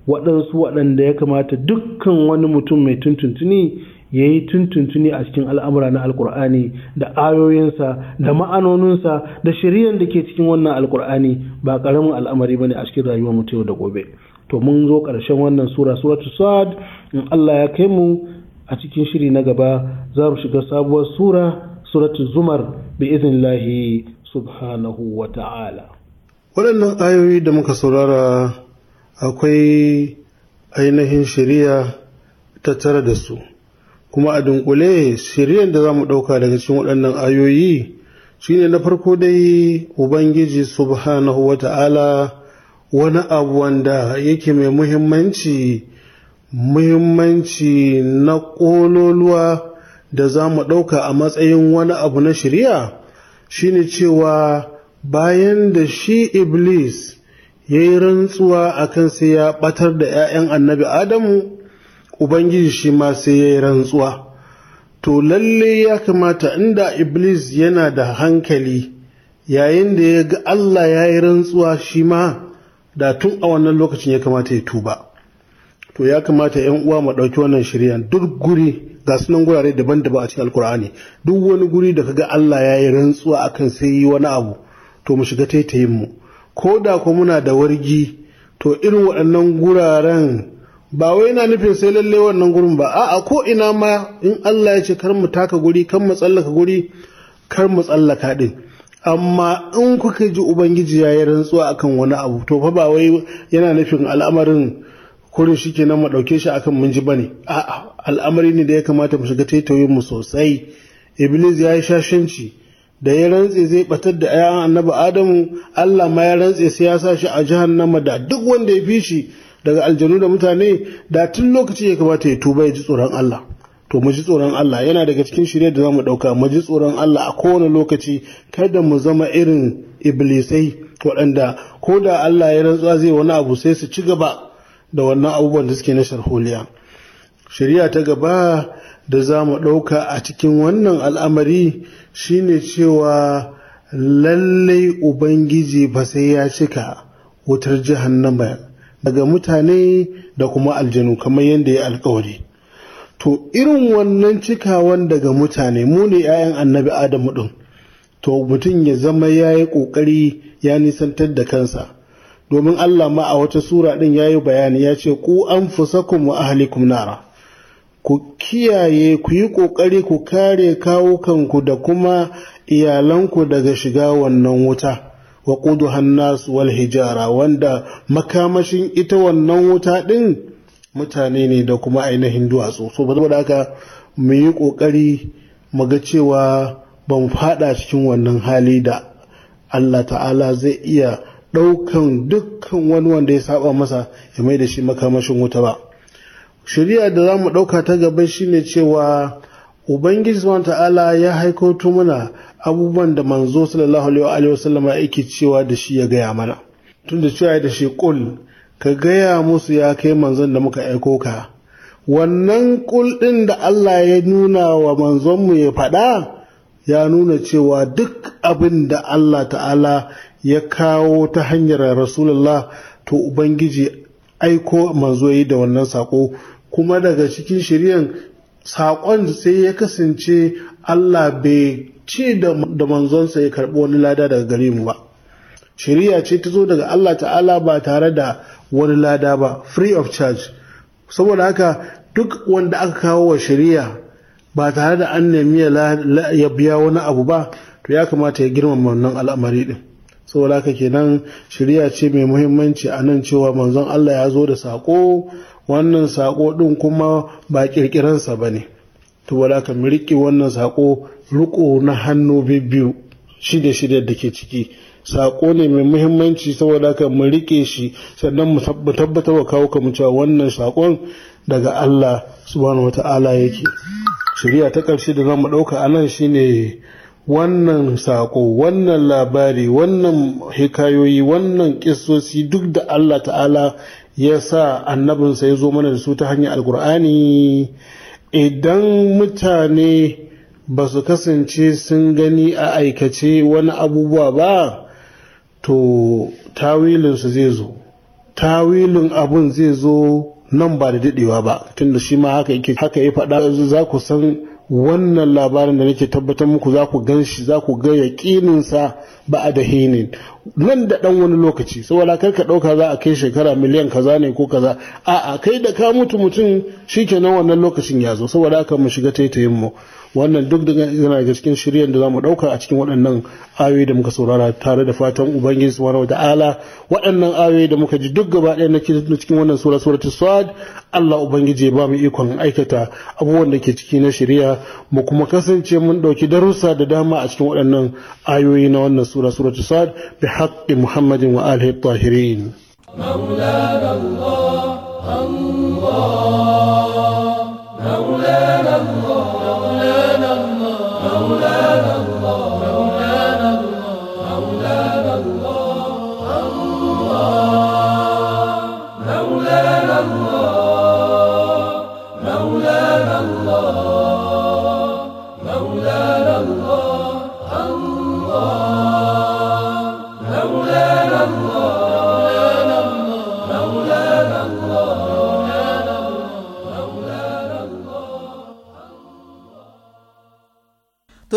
waɗansu waɗanda ya kamata dukkan wani mutum mai tuntuntuni ya yi tuntuntuni a cikin al'amura na alkur'ani da ayoyinsa da ma'anoninsa da shari'ar da ke cikin wannan alkur'ani ba ƙaramin al'amari ba ne a cikin rayuwar yau da gobe to mun zo ƙarshen wannan sura suratu sad in allah ya kai mu a cikin shiri na gaba za mu shiga sabuwar sura suratu zumar bi lahi subhanahu wa ta'ala waɗannan ayoyi da muka saurara akwai ainihin ta tara da su kuma a dunkule shari'ar da za mu ɗauka daga cikin waɗannan ayoyi shine na farko dai ubangiji subhanahu wa ta'ala wani abu wanda yake mai muhimmanci muhimmanci na ƙololuwa da za mu ɗauka a matsayin wani abu na shari'a shine cewa bayan da shi iblis ya yi rantsuwa akan sai ya ɓatar da 'ya'yan annabi adamu ubangiji shi ma sai ya yi rantsuwa to lalle ya kamata inda iblis yana da hankali yayin da ya ga allah ya yi rantsuwa shi ma da tun a wannan lokacin ya kamata ya tuba to ya kamata 'yan uwa mu ɗauki wannan shirya duk guri ga sunan gurare daban-daban a cikin alkur'ani duk wani guri da ka ga allah ya yi rantsuwa akan sai yi wani abu to mu shiga taitayin mu ko da ku muna da wargi to irin waɗannan guraren ba wai na nufin sai lalle wannan gurin ba a'a ko ina ma in Allah ya ce kar mu taka guri kar mu tsallaka guri kar mu tsallaka din amma in kuka ji ubangiji ya yi rantsuwa akan wani abu to fa ba wai yana nufin al'amarin kurin shi ke mu ɗauke shi akan mun ji bane a'a al'amari ne da ya kamata mu shiga taitoyin mu sosai iblis ya yi shashanci da ya rantse zai batar da ayan annabi adamu Allah ma ya rantse sai ya sa shi a jahannama da duk wanda ya fi shi daga aljanu da mutane da tun lokaci ya kamata ya tuba ya ji tsoron Allah to mu ji tsoron Allah yana daga cikin shirya da zamu dauka mu ji tsoron Allah a kowane lokaci kada mu zama irin iblisai waɗanda ko da Allah ya rantsuwa zai wani abu sai su ci gaba da wannan abubuwan da suke na sharholiya Shirya ta gaba da za mu ɗauka a cikin wannan al'amari shine cewa lallai ubangiji ba sai ya cika wutar jahannama daga mutane da kuma aljanu kamar yadda ya alkawari to irin wannan cikawan daga mutane mu ne 'ya'yan annabi adamu ɗin to mutum ya zama ya yi ƙoƙari ya nisantar da kansa domin allah ma a wata sura ɗin ya yi bayani ya ce ku an fusa kuma ahlikum nara ku kiyaye ku yi ƙoƙari ku kare kawukanku da kuma iyalanku daga shiga wannan wuta wa ƙudu nasu wal hijara wanda makamashin ita wannan wuta ɗin mutane ne da kuma ainihin duwatsu so ba da haka mu yi ƙoƙari mu ga cewa ban faɗa cikin wannan hali da Allah ta'ala zai iya ɗaukan dukkan wani wanda ya saba masa ya mai da shi makamashin wuta ba shari'a da za mu ɗauka ta gaba shine cewa ubangiji wa ta'ala ya haikoto mana abubuwan da manzo sallallahu alaihi wa sallama yake cewa da shi ya gaya mana tun da cewa da shi kul ka gaya musu ya kai manzon da muka aiko ka wannan kul din da Allah ya nuna wa manzon mu ya faɗa ya nuna cewa duk abin da Allah ta'ala ya kawo ta hanyar rasulullah to ubangiji aiko manzo yi da wannan sako kuma daga cikin shirya saƙon sai ya kasance Allah bai ci da manzonsa ya karɓi wani lada daga gare mu ba shirya ce ta zo daga Allah ta'ala ba tare da wani lada ba free of charge saboda haka duk wanda aka kawo wa shiriya ba tare da an nemi ya biya wani abu ba to ya kamata ya girmama wannan al'amari din saboda haka kenan shirya ce mai muhimmanci a nan cewa manzon Allah ya zo da saƙo wannan sako ɗin kuma ba ƙirƙiransa ba ne to wala mu riƙe wannan sako riƙo na hannu biyu shida shida da ke ciki sako ne mai muhimmanci saboda ka mu riƙe shi sannan mu tabbatar wa kawo ka cewa wannan sakon daga Allah subhanahu wata'ala yake shari'a ta ƙarshe da zamu ɗauka anan shine wannan sako wannan labari wannan hikayoyi wannan ƙisosi duk da Allah ta'ala ya sa annabinsa ya zo mana da su ta hanyar alkur'ani idan mutane ba su kasance sun gani a aikace wani abubuwa ba to tawilinsu zai zo tawilin abun zai zo nan ba da daɗewa ba tunda shi ma haka yake haka ya faɗa za ku san wannan labarin da nake tabbatar muku za ku gan shi za ku ga yaƙininsa ba da hinin nan da dan wani lokaci saboda kar ka dauka za a kai shekara miliyan kaza ne ko kaza a'a kai da ka mutu mutum shikenan wannan lokacin ya zo saboda haka mu shiga taitayin mu wannan duk da yana daga cikin shiryen da zamu dauka a cikin waɗannan ayoyi da muka saurara tare da fatan ubangiji subhanahu wataala waɗannan ayoyi da muka ji duk gaba ɗaya na cikin wannan sura suratul sad Allah ubangiji ya ba mu ikon aikata abubuwan da ke ciki na shari'a mu kuma kasance mun dauki darussa da dama a cikin waɗannan ayoyi na wannan سورة سورة صاد بحق محمد وآله الطاهرين مولانا الله الله مولانا الله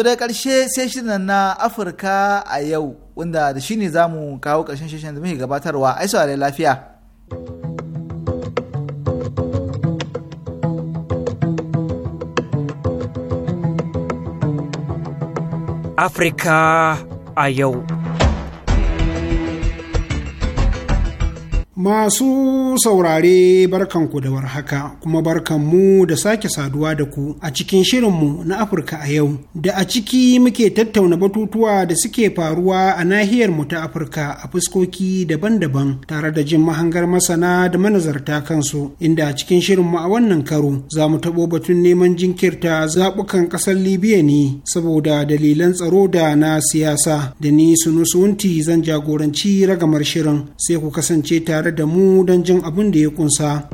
To da ƙarshe sai shirin na Afirka a yau wanda da shi ne za mu kawo ƙarshen shirin da muke gabatarwa ai saurare lafiya. Afirka a yau. Masu saurare barkanku da warhaka kuma barkanmu da sake saduwa da ku a cikin shirinmu na Afirka a yau da a ciki muke tattauna batutuwa da suke faruwa a nahiyar mu ta Afirka a fuskoki daban-daban tare da jin mahangar masana da manazarta kansu inda a cikin shirinmu a wannan karo za mu taɓo batun neman jinkirta zaɓukan ƙasar Libya ne saboda dalilan tsaro da na siyasa da ni Sunusunti zan jagoranci ragamar shirin sai ku kasance tare tare da mu don jin abin da ya kunsa.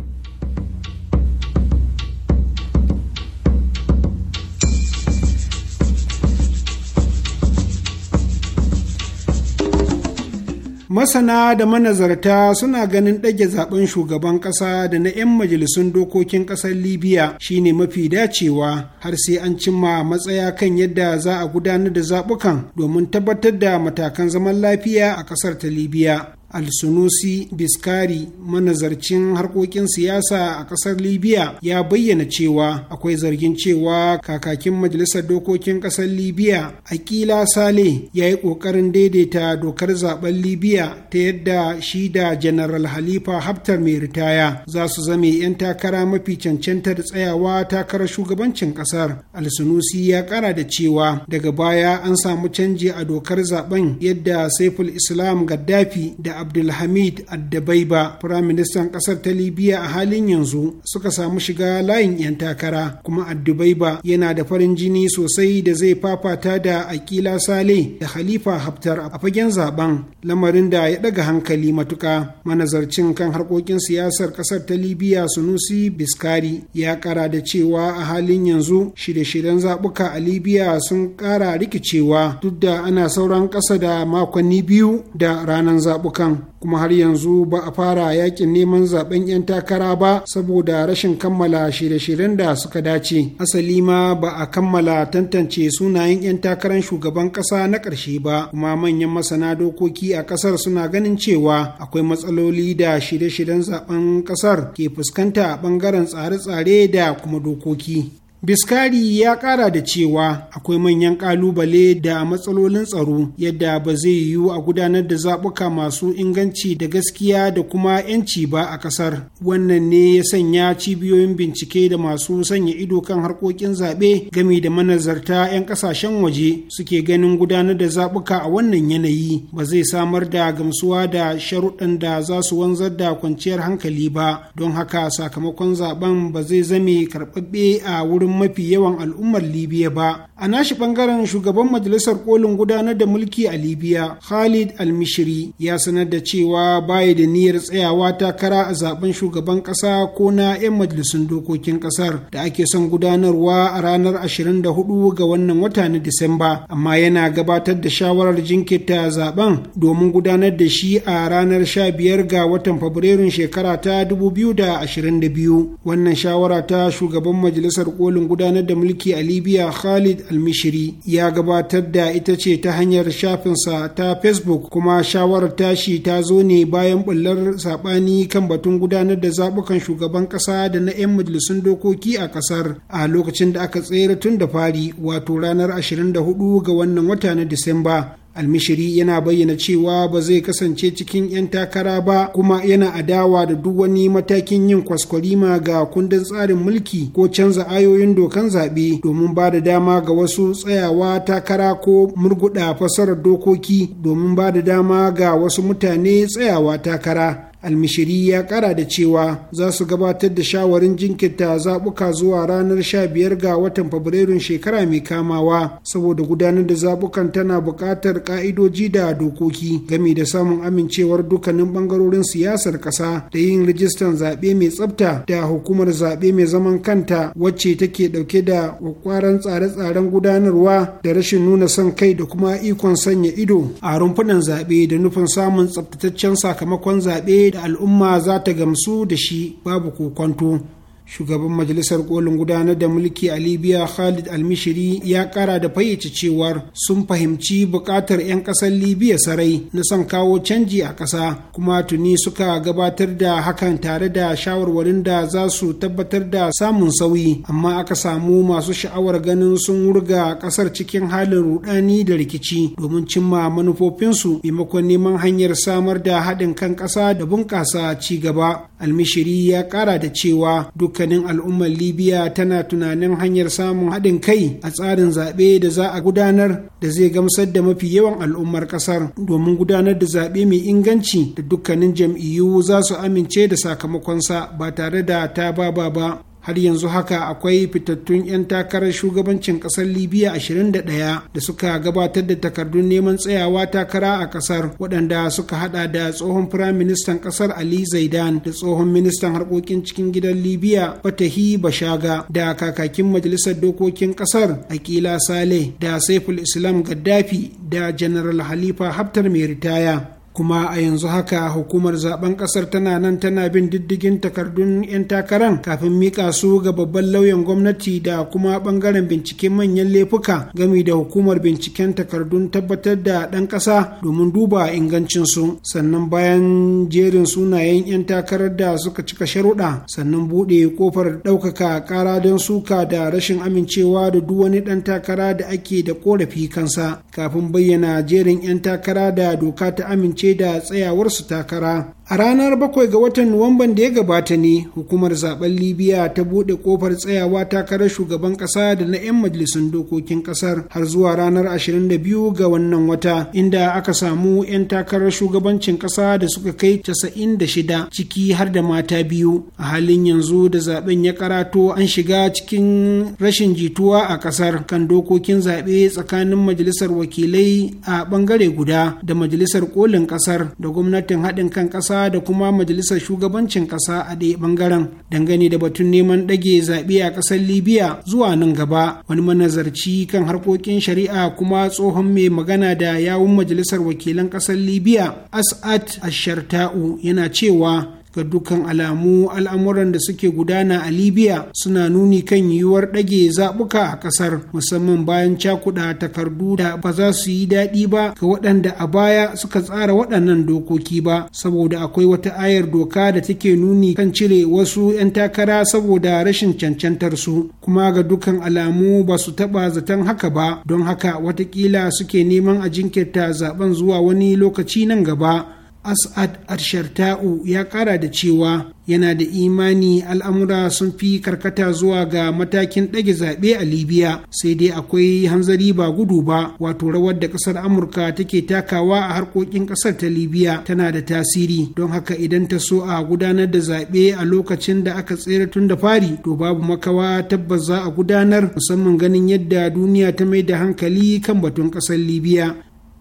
masana da manazarta suna ganin ɗage zaben shugaban ƙasa da na 'yan majalisun dokokin ƙasar libya shine mafi dacewa har sai an cimma matsaya kan yadda za a gudanar da zaɓukan domin tabbatar da matakan zaman lafiya a ƙasar ta libya alsunusi biskari manazarcin harkokin siyasa a ƙasar libya ya bayyana cewa akwai zargin cewa kakakin majalisar dokokin kasar libya akila sale ya yi ƙoƙarin daidaita dokar zaben libya ta yadda shi da general halifa haftar mai ritaya za su zame 'yan takara mafi cancanta da tsayawa takarar shugabancin kasar alsunusi ya ƙara da cewa daga baya an samu canji a dokar zaben yadda saiful islam gaddafi da abdulhamid addabaiba firaministan ƙasar ta libya a halin yanzu suka samu shiga layin 'yan takara kuma addabaiba yana da farin jini sosai da zai fafata da aƙila sale da khalifa haftar a fagen zaben lamarin da ya ɗaga hankali matuƙa. manazarcin kan harkokin siyasar ƙasar ta libya sunusi biskari ya kara da cewa a halin yanzu shirye-shiryen zaɓuka a libya sun ƙara rikicewa duk da ana sauran ƙasa da makonni biyu da ranar zaɓuka Pakistan kuma har yanzu ba a fara yakin neman zaben 'yan takara ba saboda rashin kammala shirye-shiryen da suka dace asali ma ba a kammala tantance sunayen 'yan takarar shugaban ƙasa na ƙarshe ba kuma manyan masana dokoki a ƙasar suna ganin cewa akwai matsaloli da shirye-shiryen zaben ƙasar ke fuskanta a ɓangaren tsare-tsare da kuma dokoki Biskari ya kara da cewa akwai manyan kalubale da matsalolin tsaro yadda ba zai yiwu a gudanar da zaɓuka masu inganci da gaskiya da kuma 'yanci ba a ƙasar. Wannan ne ya sanya cibiyoyin bincike da masu sanya ido kan harkokin zaɓe gami da manazarta 'yan ƙasashen waje suke ganin gudanar da zaɓuka a wannan yanayi ba zai samar da gamsuwa da sharuɗan da za su wanzar da kwanciyar hankali ba don haka sakamakon zaben ba zai zame karɓaɓɓe a wurin mafi yawan al'ummar libya ba a nashi bangaren shugaban majalisar kolin gudanar da mulki a libya khalid al almishiri ya sanar da cewa baya da niyyar tsayawa takara a zaben shugaban kasa ko na 'yan majalisun dokokin kasar da ake son gudanarwa a ranar 24 ga wannan wata na disamba amma yana gabatar da shawarar jinkirta zaben domin gudanar da shi a ranar 15 ga watan fabrairun shekara ta 2022 wannan shawara ta shugaban majalisar kolin gudanar da mulki a libya khalid almishiri ya gabatar da ita ce ta hanyar shafinsa ta facebook kuma shawarar tashi ta zo ne bayan bullar saɓani kan batun gudanar da zaɓukan shugaban ƙasa da na 'yan majalisun dokoki a ƙasar a lokacin da aka tsere tun da fari wato ranar 24 ga wannan wata na disamba almishiri yana bayyana cewa ba zai kasance cikin 'yan takara ba kuma yana adawa da duk wani matakin yin kwaskwarima ga kundin tsarin mulki ko canza ayoyin dokan zaɓe domin ba da dama ga wasu tsayawa takara ko murguɗa fasarar dokoki domin ba da dama ga wasu mutane tsayawa takara almishiri ya kara da cewa za su gabatar da shawarin jinkirta zabuka zuwa ranar 15 ga watan fabrairun shekara mai kamawa saboda gudanar da zabukan tana bukatar ƙa'idoji da dokoki game da samun amincewar dukkanin ɓangarorin siyasar ƙasa da yin rijistan zaɓe mai tsafta da hukumar zaɓe mai zaman kanta wacce take ɗauke da kwakwaran tsare-tsaren gudanarwa da rashin nuna son kai da kuma ikon sanya ido a rumfunan zaɓe da nufin samun tsaftataccen sakamakon zaɓe da al'umma za ta gamsu da shi babu kokwanto shugaban majalisar kolin gudanar da mulki a libya khalid almishiri ya kara da fayyace cewar sun fahimci bukatar 'yan kasar libya sarai na son kawo canji a ƙasa kuma tuni suka gabatar da hakan tare da shawarwarin da za su tabbatar da samun sauyi amma aka samu masu sha'awar ganin sun wurga ƙasar cikin halin rudani da rikici domin cimma manufofinsu maimakon neman hanyar samar da haɗin kan ƙasa da bunƙasa ci gaba almishiri ya kara da cewa duk dukkanin al'ummar libya tana tunanin hanyar samun haɗin kai a tsarin zaɓe da za a gudanar da zai gamsar da mafi yawan al'ummar ƙasar domin gudanar da zaɓe mai inganci da dukkanin jam'iyyu za su amince da sakamakonsa ba tare da ta baba ba har yanzu haka akwai fitattun 'yan takarar shugabancin kasar libya 21 da suka gabatar da takardun neman tsayawa takara a kasar waɗanda suka hada da tsohon firaministan kasar ali zaidan da tsohon ministan harkokin cikin gidan libya fatahi bashaga da kakakin majalisar dokokin kasar akila saleh da saiful islam gaddafi da general halifa haftar mai ritaya kuma a yanzu haka hukumar zaben kasar tana nan tana bin diddigin takardun 'yan takaran kafin mika su ga babban lauyan gwamnati da kuma bangaren binciken manyan laifuka gami da hukumar binciken takardun tabbatar da ɗan ƙasa domin duba ingancinsu sannan bayan jerin sunayen 'yan takarar da suka cika sharuɗa sannan buɗe kofar ɗaukaka ƙara don suka da rashin amincewa da duk wani ɗan takara da ake da ƙorafi kansa kafin bayyana jerin 'yan takara da doka ta amince amince da tsayawarsu takara A ranar bakwai ga watan Nuwamban da ya gabata ne hukumar zaben Libya ta buɗe ƙofar tsayawa takarar shugaban ƙasa da na 'yan majalisun dokokin ƙasar har zuwa ranar 22 ga wannan wata inda aka samu 'yan takarar shugabancin ƙasa da suka kai 96 ciki har da mata biyu. A halin yanzu da zaben ya karato an shiga cikin rashin jituwa a ƙasar kan dokokin zaɓe tsakanin majalisar wakilai a bangare guda da majalisar kolin ƙasar da gwamnatin haɗin kan ƙasa ƙasa da kuma majalisar shugabancin ƙasa a ɗaya ɓangaren dangane da batun neman ɗage zaɓe a ƙasar libya zuwa nan gaba wani manazarci kan harkokin shari'a kuma tsohon mai magana da yawun majalisar wakilan ƙasar libya as'ad asharta'u yana cewa ga dukkan alamu al'amuran da suke gudana a libya suna nuni kan yiwuwar ɗage zaɓuka a ƙasar musamman bayan cakuɗa takardu da ba za su yi daɗi ba ga waɗanda a baya suka tsara waɗannan dokoki ba saboda akwai wata ayar doka da take nuni kan cire wasu 'yan takara saboda rashin cancantar su kuma ga dukkan alamu ba su taɓa zaton haka ba don haka watakila suke neman a jinkirta zaben zuwa wani lokaci nan gaba as'ad arsharta'u ya kara da cewa yana da imani al'amura sun fi karkata zuwa ga matakin ɗage zaɓe a libya sai dai akwai hanzari ba gudu ba wato rawar da ƙasar amurka take takawa a harkokin ƙasar ta libya tana da tasiri don haka idan ta so a gudanar da zaɓe a lokacin da aka tsere tun da fari to babu makawa tabbas za a gudanar musamman ganin yadda duniya ta mai da hankali kan batun ƙasar libya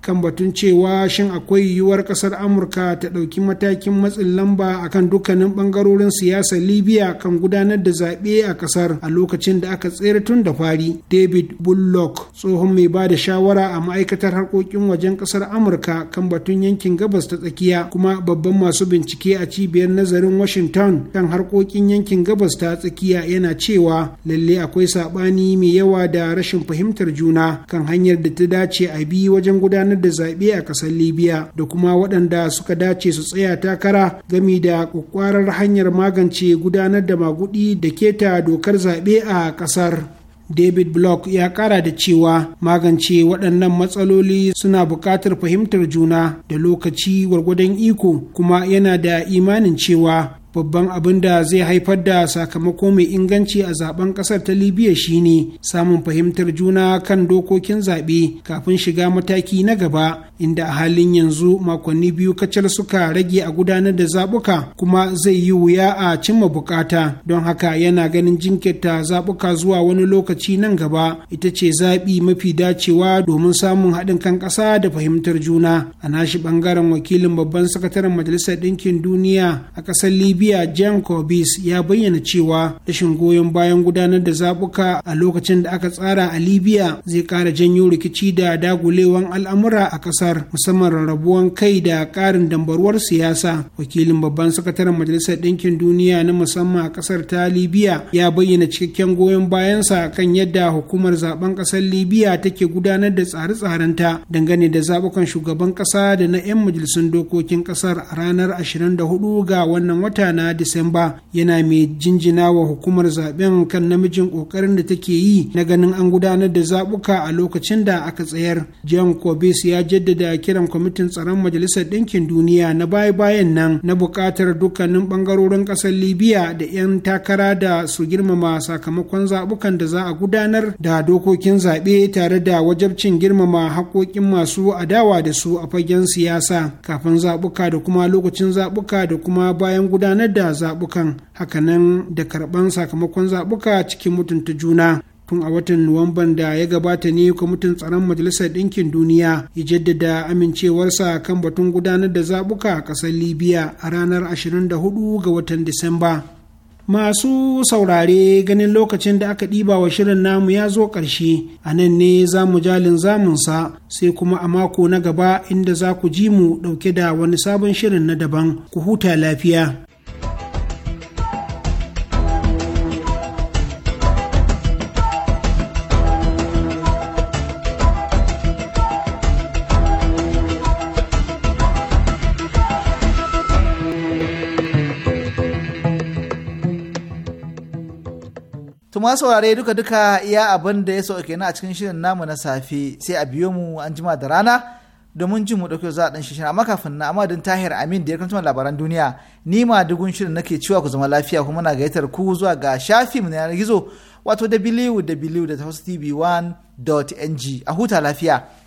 kan batun cewa shin akwai yiwuwar kasar amurka ta ɗauki matakin matsin lamba akan dukkanin ɓangarorin siyasar libya kan gudanar da zaɓe a ƙasar a lokacin da aka tsere tun da fari david bullock tsohon mai ba da shawara a ma'aikatar harkokin wajen kasar amurka kan batun yankin gabas ta tsakiya kuma babban masu bincike a cibiyar nazarin washington kan harkokin yankin gabas ta tsakiya yana cewa lalle akwai saɓani mai yawa da rashin fahimtar juna kan hanyar da ta dace a bi wajen gudanar gudanar da zaɓe a ƙasar libya da kuma waɗanda suka dace su tsaya takara gami da ƙwaƙwarar hanyar magance gudanar da magudi da keta dokar zaɓe a ƙasar David Block ya ƙara da cewa magance waɗannan matsaloli suna buƙatar fahimtar juna da lokaci gwargwadon iko kuma yana da imanin cewa babban abin da zai haifar da sakamako mai inganci a zaben kasar ta libya shine samun fahimtar juna kan dokokin zaɓe kafin shiga mataki na gaba inda a halin yanzu makonni biyu kacal suka rage a gudanar da zaɓuka kuma zai yi wuya a cimma bukata don haka yana ganin jinkirta zaɓuka zuwa wani lokaci nan gaba ita ce zaɓi mafi dacewa domin samun haɗin kan ƙasa da fahimtar juna a nashi ɓangaren wakilin babban sakataren majalisar ɗinkin duniya a ƙasar libya libya Jean corbis ya bayyana cewa rashin goyon bayan gudanar da zabuka a lokacin da aka tsara a libya zai kara janyo rikici da dagulewan al'amura a kasar musamman rarrabuwan kai da karin dambaruwar siyasa wakilin babban sakataren majalisar ɗinkin duniya na musamman a kasar ta libya ya bayyana cikakken goyon bayansa kan yadda hukumar zaben kasar libya take gudanar da tsare tsaren ta dangane da zabukan shugaban kasa da na 'yan majalisun dokokin kasar a ranar 24 ga wannan wata na disamba yana mai jinjina wa hukumar zaben kan namijin kokarin da take yi na ganin an gudanar da zabuka a lokacin da aka tsayar jean kobes ya jaddada kiran kwamitin tsaron majalisar ɗinkin duniya na baya bayan nan na buƙatar dukkanin ɓangarorin ƙasar libya da 'yan takara da su girmama sakamakon zabukan da za a gudanar da dokokin zaɓe tare da wajabcin girmama haƙoƙin masu adawa da su a fagen siyasa kafin zabuka da kuma lokacin zabuka da kuma bayan gudanar gudanar da zaɓukan hakanan da karɓan sakamakon zaɓuka cikin mutunta juna tun a watan nuwamban da ya gabata ne kwamitin tsaron majalisar ɗinkin duniya ya jaddada amincewarsa kan batun gudanar da zaɓuka a ƙasar libya a ranar 24 ga watan disamba masu saurare ganin lokacin da aka ɗiba wa shirin namu ya zo ƙarshe a nan ne za mu jalin zamunsa sai kuma a mako na gaba inda za ku ji mu ɗauke da wani sabon shirin na daban ku huta lafiya ma saurare duka duka iya abin da ya sauke kenan a cikin shirin namu na safe sai a biyo mu an jima da rana domin jin mu dauke za a dan shirin amma kafin na amadin tahir amin da ya kanta labaran duniya ni ma dugun shirin nake cewa ku zama lafiya kuma na gaitar ku zuwa ga shafi mu na yanar gizo wato www.hostv1.ng a huta lafiya